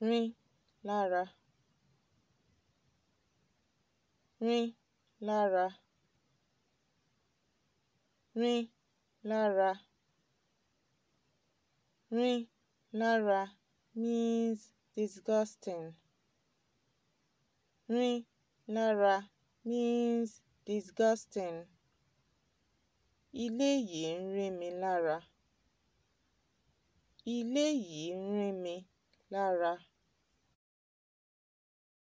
rin lára rin lára rin lára rin lára means disgusting rin lára means disgusting ilé yìí ń rin mi lára ilé yìí ń rin mi 拉拉。